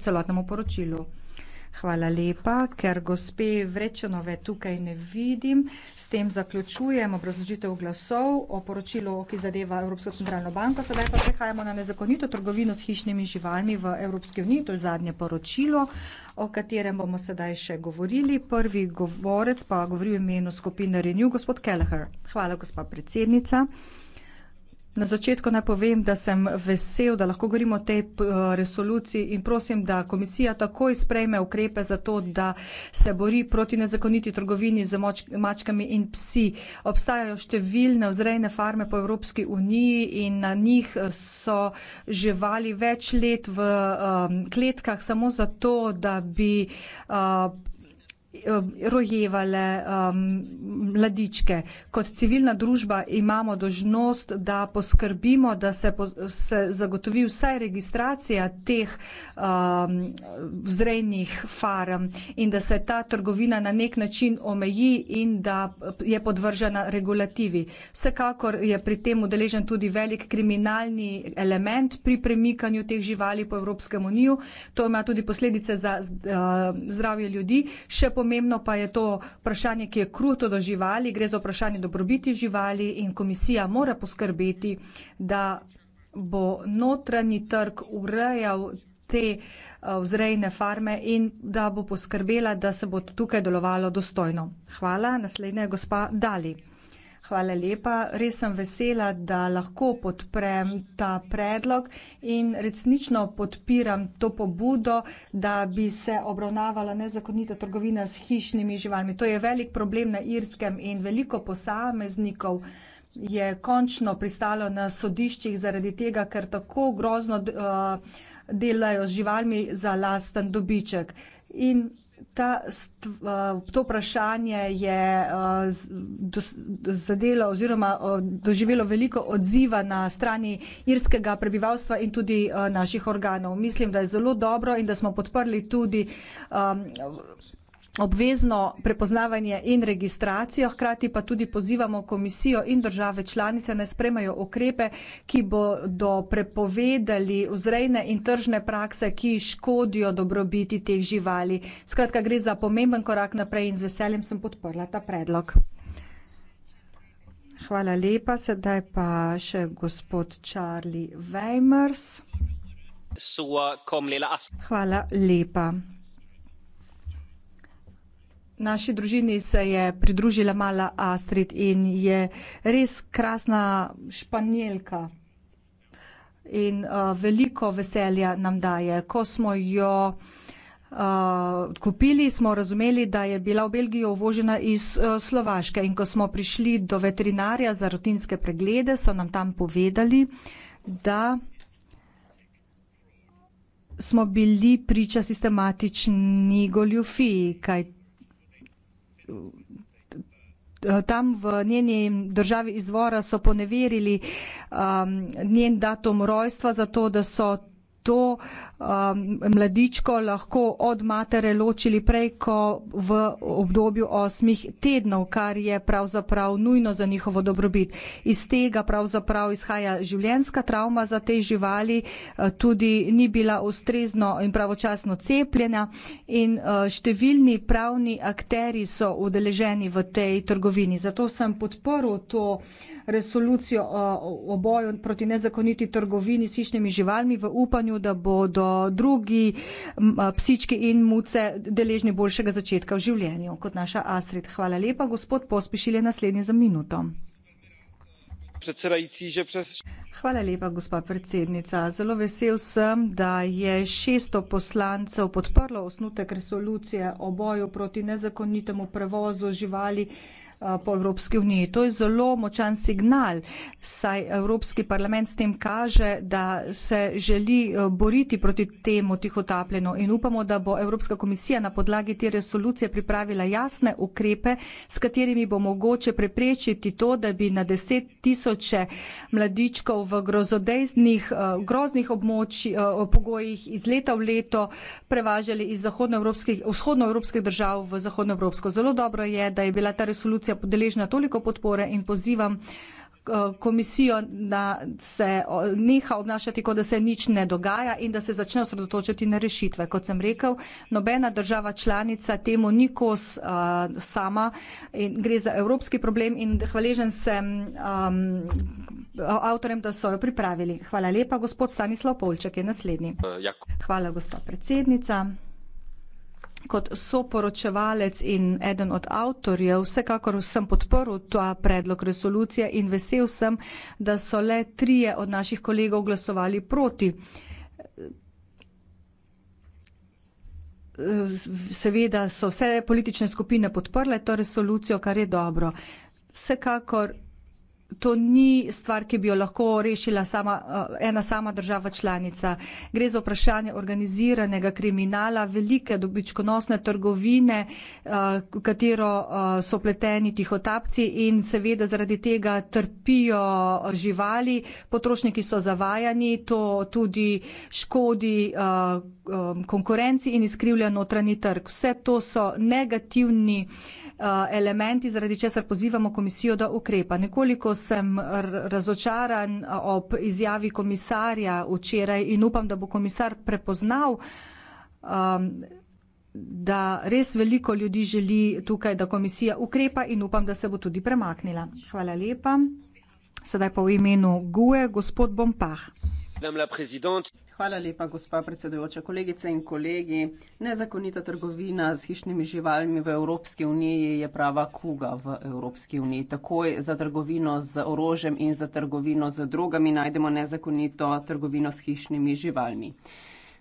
celotnemu poročilu. Hvala lepa, ker gospe Vrečanove tukaj ne vidim. S tem zaključujem obrazložitev glasov o poročilu, ki zadeva Evropsko centralno banko. Sedaj pa prehajamo na nezakonito trgovino s hišnimi živalmi v Evropski uniji. To je zadnje poročilo, o katerem bomo sedaj še govorili. Prvi govorec pa govori v imenu skupine Renew, gospod Kelleher. Hvala, gospa predsednica. Na začetku naj povem, da sem vesel, da lahko govorimo o tej eh, resoluciji in prosim, da komisija takoj sprejme ukrepe za to, da se bori proti nezakoniti trgovini z moč, mačkami in psi. Obstajajo številne vzrejne farme po Evropski uniji in na njih eh, so živali več let v um, kletkah samo zato, da bi uh, Um, rojevale um, mladičke. Kot civilna družba imamo dožnost, da poskrbimo, da se, po, se zagotovi vsaj registracija teh um, vzrejnih farm in da se ta trgovina na nek način omeji in da je podvržena regulativi. Vsekakor je pri tem udeležen tudi velik kriminalni element pri premikanju teh živali po Evropskem uniju. To ima tudi posledice za uh, zdravje ljudi. Še pomembno pa je to vprašanje, ki je kruto do živali, gre za vprašanje dobrobiti živali in komisija mora poskrbeti, da bo notranji trg urejal te eh, vzrejne farme in da bo poskrbela, da se bo tukaj delovalo dostojno. Hvala, naslednja je gospa Dali. Hvala lepa. Res sem vesela, da lahko podprem ta predlog in resnično podpiram to pobudo, da bi se obravnavala nezakonita trgovina s hišnimi živalmi. To je velik problem na Irskem in veliko posameznikov je končno pristalo na sodiščih zaradi tega, ker tako grozno uh, delajo z živalmi za lasten dobiček. Uh, In ta, uh, to vprašanje je uh, zadelo oziroma uh, doživelo veliko odziva na strani irskega prebivalstva in tudi naših organov. Mislim, da je zelo dobro in da smo podprli tudi um, obvezno prepoznavanje in registracijo, hkrati pa tudi pozivamo komisijo in države članice naj spremajo ukrepe, ki bodo prepovedali vzrejne in tržne prakse, ki škodijo dobrobiti teh živali. Skratka, gre za pomemben korak naprej in z veseljem sem podprla ta predlog. Hvala lepa, sedaj pa še gospod Charlie Weimers. Hvala lepa. Naši družini se je pridružila mala Astrid in je res krasna španjelka. In uh, veliko veselja nam daje. Ko smo jo uh, kupili, smo razumeli, da je bila v Belgijo uvožena iz uh, Slovaške. In ko smo prišli do veterinarja za rutinske preglede, so nam tam povedali, da smo bili priča sistematični goljufiji, kajti tam v njeni državi izvora so poneverili um, njen datum rojstva, zato da so to uh, um, mladičko lahko od matere ločili prej, ko v obdobju osmih tednov, kar je pravzaprav nujno za njihovo dobrobit. Iz tega pravzaprav izhaja življenska travma za te živali, uh, tudi ni bila ustrezno in pravočasno cepljena in uh, številni pravni akteri so udeleženi v tej trgovini. Zato sem podporil to resolucijo o boju proti nezakoniti trgovini s hišnimi živalmi v upanju, da bodo drugi psički in muce deležni boljšega začetka v življenju kot naša Astrid. Hvala lepa, gospod Pospišil je naslednji za minuto. Predsedajci, že pres... Hvala lepa, gospa predsednica. Zelo vesel sem, da je 600 poslancev podprlo osnutek resolucije o boju proti nezakonitemu prevozu živali. Eh, po Evropski uniji. To je zelo močan signal, saj Evropski parlament s tem kaže, da se želi eh, boriti proti temu tihotapljeno in upamo, da bo Evropska komisija na podlagi te resolucije pripravila jasne ukrepe, s katerimi bo mogoče preprečiti to, da bi na deset tisoče mladičkov v grozodejnih, eh, groznih območ, pogojih iz leta v leto prevažali iz vzhodnoevropskih držav v zahodnoevropsko. Zelo dobro je, da je bila ta resolucija koalicija podeležena toliko podpore in pozivam eh, komisijo, da se eh, neha obnašati, kot da se nič ne dogaja in da se začne osredotočiti na rešitve. Kot sem rekel, nobena država članica temu ni kos uh, sama in gre za evropski problem in hvaležen sem um, ehm, avtorem, da so jo pripravili. Hvala lepa, gospod Stanislav Polček je naslednji. Hvala, gospod predsednica kot soporočevalec in eden od avtorjev, vsekakor sem podporil ta predlog resolucije in vesel sem, da so le trije od naših kolegov glasovali proti. Seveda so vse politične skupine podprle to resolucijo, kar je dobro. Vsekakor To ni stvar, ki bi jo lahko rešila sama, eh, ena sama država članica. Gre za vprašanje organiziranega kriminala, velike dobičkonosne trgovine, eh, v katero eh, so pleteni tihotapci in seveda zaradi tega trpijo živali, potrošniki so zavajani, to tudi škodi konkurenci in izkrivlja notranji trg. Vse to so negativni Eh, elementi, zaradi česar pozivamo komisijo, da ukrepa. Nekoliko sem razočaran eh, ob izjavi komisarja včeraj in upam, da bo komisar prepoznal, ehm, da res veliko ljudi želi tukaj, da komisija ukrepa in upam, da se bo tudi premaknila. Hvala lepa. Sedaj pa v imenu GUE, gospod Bompah. Hvala lepa, gospa predsedujoča. Kolegice in kolegi, nezakonita trgovina z hišnimi živalmi v Evropski uniji je prava kuga v Evropski uniji. Takoj za trgovino z orožjem in za trgovino z drogami najdemo nezakonito trgovino s hišnimi živalmi.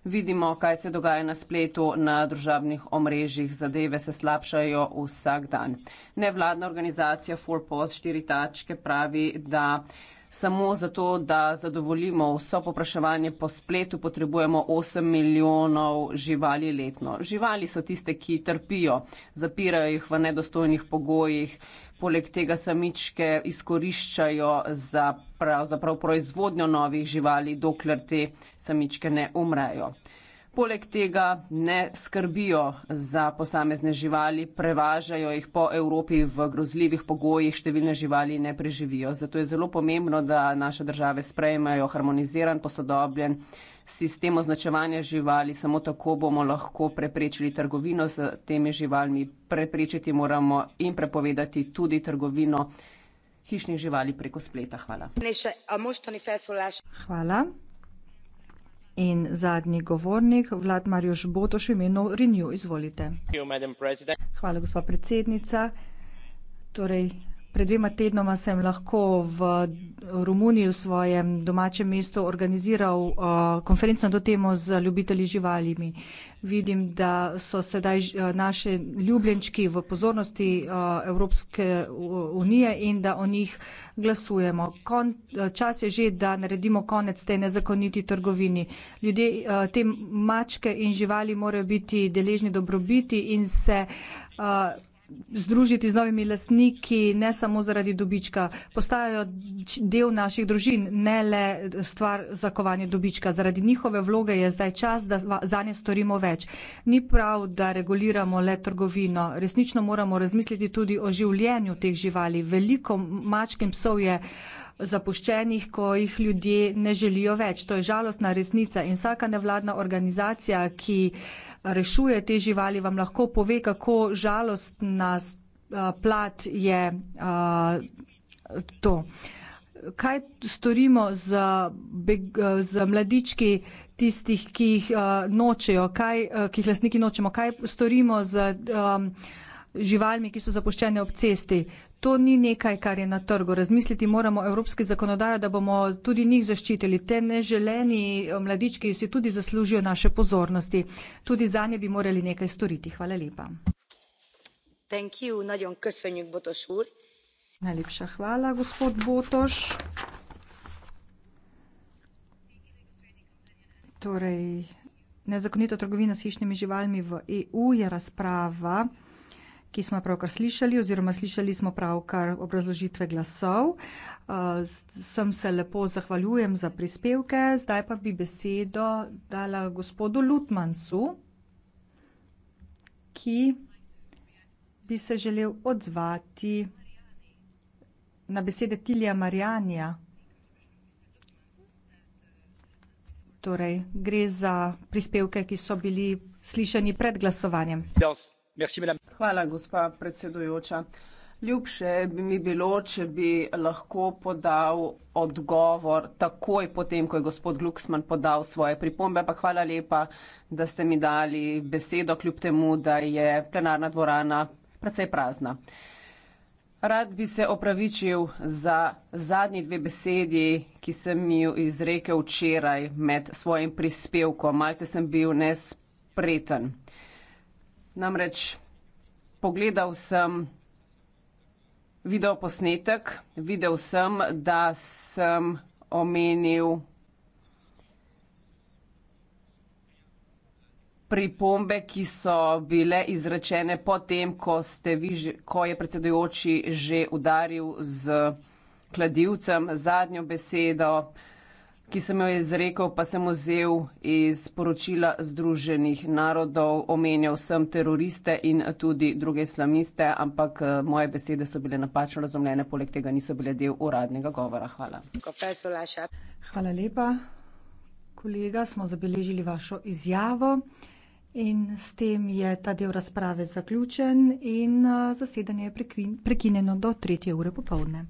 Vidimo, kaj se dogaja na spletu, na družabnih omrežjih, zadeve se slabšajo vsak dan. Nevladna organizacija 4POS 4 tačke pravi, da samo zato, da zadovoljimo vso popraševanje po spletu, potrebujemo 8 milijonov živali letno. Živali so tiste, ki trpijo, zapirajo jih v nedostojnih pogojih, poleg tega samičke izkoriščajo za prav, proizvodnjo novih živali, dokler te samičke ne umrejo. Poleg tega ne skrbijo za posamezne živali, prevažajo jih po Evropi v grozljivih pogojih, številne živali ne preživijo. Zato je zelo pomembno, da naše države sprejmejo harmoniziran, posodobljen sistem označevanja živali. Samo tako bomo lahko preprečili trgovino z temi živalmi. Preprečiti moramo in prepovedati tudi trgovino hišnih živali preko spleta. Hvala. Hvala. In zadnji govornik, vlad Marjoš Botoš, imenu Renew, izvolite. Hvala, gospa predsednica. Torej, Pred dvema tednoma sem lahko v Romuniji, v svojem domačem mestu, organiziral uh, konferenco na to temo z ljubitelji živalimi. Vidim, da so sedaj uh, naše ljubljenčki v pozornosti uh, Evropske uh, unije in da o njih glasujemo. Kon, uh, čas je že, da naredimo konec tej nezakoniti trgovini. Ljudje, uh, te mačke in živali morajo biti deležni dobrobiti in se. Uh, združiti z novimi lastniki, ne samo zaradi dobička. Postajajo del naših družin, ne le stvar zakovanja dobička. Zaradi njihove vloge je zdaj čas, da za nje storimo več. Ni prav, da reguliramo le trgovino. Resnično moramo razmisliti tudi o življenju teh živali. Veliko mačkim psov je. Uh, zapuščenih, ko jih ljudje ne želijo več. To je žalostna resnica in vsaka nevladna organizacija, ki rešuje te živali, vam lahko pove, kako žalostna plat je to. Kaj storimo z, z mladički tistih, ki jih nočejo, kaj, ki jih lastniki nočemo, kaj storimo z um, živalmi, ki so zapuščene ob cesti. To ni nekaj, kar je na trgu. Razmisliti moramo evropski zakonodajo, da bomo tudi njih zaščitili. Te neželeni eh, mladički si tudi zaslužijo naše pozornosti. Tudi za nje bi morali nekaj storiti. Hvala lepa. Najlepša hvala, gospod Botoš. Torej, nezakonita trgovina s hišnimi živalmi v EU je razprava ki smo pravkar slišali, oziroma slišali smo pravkar obrazložitve glasov. Uh, sem se lepo zahvaljujem za prispevke, zdaj pa bi besedo dala gospodu Lutmansu, ki bi se želel odzvati na besede Tilija Marjanja. Torej, gre za prispevke, ki so bili slišani pred glasovanjem. Just. Hvala, gospa predsedujoča. Ljubše bi mi bilo, če bi lahko podal odgovor takoj potem, ko je gospod Glucksmann podal svoje pripombe, ampak hvala lepa, da ste mi dali besedo, kljub temu, da je plenarna dvorana precej prazna. Rad bi se opravičil za zadnji dve besedi, ki sem jo izrekel včeraj med svojim prispevkom. Malce sem bil nespreten. Namreč pogledal sem video posnetek, videl sem, da sem omenil pripombe, ki so bile izrečene potem, ko ste vi že, ko je predsedujoči že udaril z kladivcem zadnjo besedo ki sem jo izrekel, pa sem ozev iz poročila Združenih narodov, omenjal sem teroriste in tudi druge islamiste, ampak eh, moje besede so bile napačno razumljene, poleg tega niso bile del uradnega govora. Hvala. Hvala lepa, kolega, smo zabeležili vašo izjavo. In s tem je ta del razprave zaključen in eh, zasedanje je prekinjeno do 3. ure popovdne.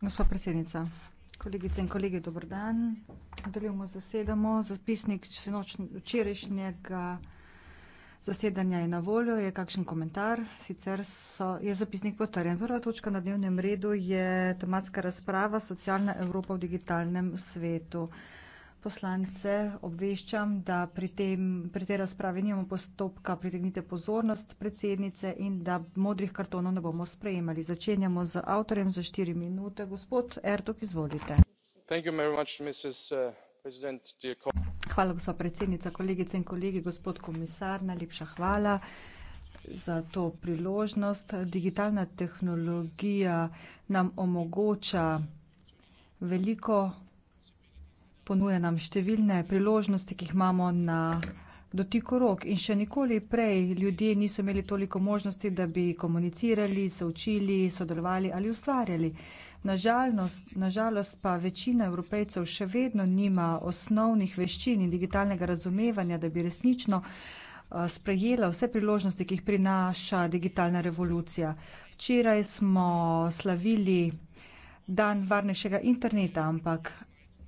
gospa predsednica kolegice in kolegi dober dan nadaljujemo zasedamo zapisnik včerajšnjega zasedanja je na voljo je kakšen komentar sicer so je zapisnik potrjen prva točka na dnevnem redu je tematska razprava socialna evropa v digitalnem svetu poslance obveščam, da pri, tem, pri tej razpravi nimamo postopka, pritegnite pozornost predsednice in da modrih kartonov ne bomo sprejemali. Začenjamo z avtorjem za štiri minute. Gospod Ertok, izvolite. Thank you very much, Mrs. Uh, President, dear hvala, gospa predsednica, kolegice in kolegi, gospod komisar, najlepša hvala za to priložnost. Digitalna tehnologija nam omogoča veliko ponuja nam številne priložnosti, ki jih imamo na dotiku rok. In še nikoli prej ljudje niso imeli toliko možnosti, da bi komunicirali, se učili, sodelovali ali ustvarjali. Nažalost, nažalost pa večina evropejcev še vedno nima osnovnih veščin in digitalnega razumevanja, da bi resnično sprejela vse priložnosti, ki jih prinaša digitalna revolucija. Včeraj smo slavili dan varnejšega interneta, ampak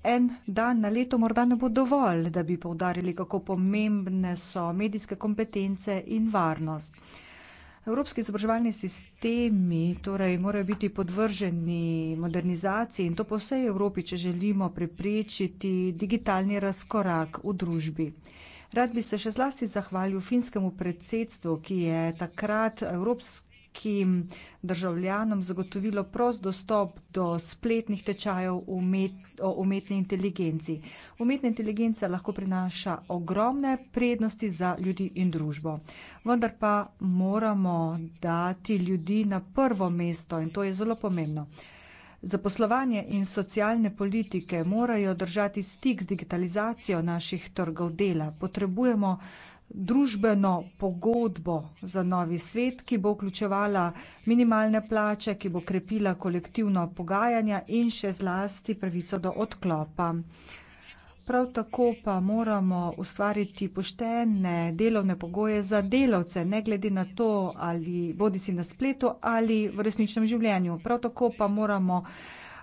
en dan na leto morda ne bo dovolj, da bi povdarili, kako pomembne so medijske kompetence in varnost. Evropski izobraževalni sistemi torej morajo biti podvrženi modernizaciji in to po vsej Evropi, če želimo preprečiti digitalni razkorak v družbi. Rad bi se še zlasti zahvalil finskemu predsedstvu, ki je takrat evropski slovenskim državljanom zagotovilo prost dostop do spletnih tečajev umet, o umetni inteligenci. Umetna inteligenca lahko prinaša ogromne prednosti za ljudi in družbo. Vendar pa moramo dati ljudi na prvo mesto in to je zelo pomembno. Zaposlovanje in socialne politike morajo držati stik z digitalizacijo naših trgov dela. Potrebujemo družbeno pogodbo za novi svet, ki bo vključevala minimalne plače, ki bo krepila kolektivno pogajanje in še zlasti pravico do odklopa. Prav tako pa moramo ustvariti poštene delovne pogoje za delavce, ne glede na to, ali bodisi na spletu ali v resničnem življenju. Prav tako pa moramo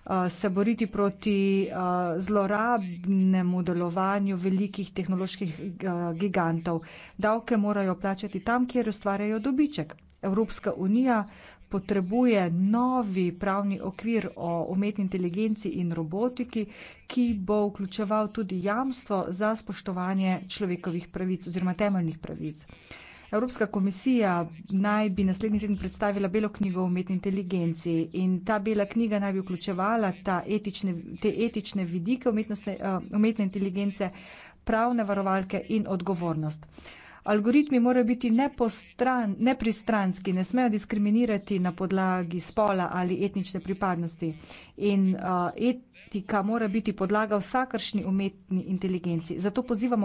Eh, se boriti proti eh, zlorabnemu delovanju velikih tehnoloških eh, gigantov. Davke morajo plačati tam, kjer ustvarjajo dobiček. Evropska unija potrebuje novi pravni okvir o umetni inteligenci in robotiki, ki bo vključeval tudi jamstvo za spoštovanje človekovih pravic oziroma temeljnih pravic. Evropska komisija naj bi naslednji teden predstavila belo knjigo o umetni inteligenci in ta bela knjiga naj bi vključevala etične, te etične vidike eh, umetne inteligence, pravne varovalke in odgovornost. Algoritmi morajo biti nepristranski, ne smejo diskriminirati na podlagi spola ali etnične pripadnosti. In uh, etika mora biti podlaga vsakršni umetni inteligenci. Zato pozivamo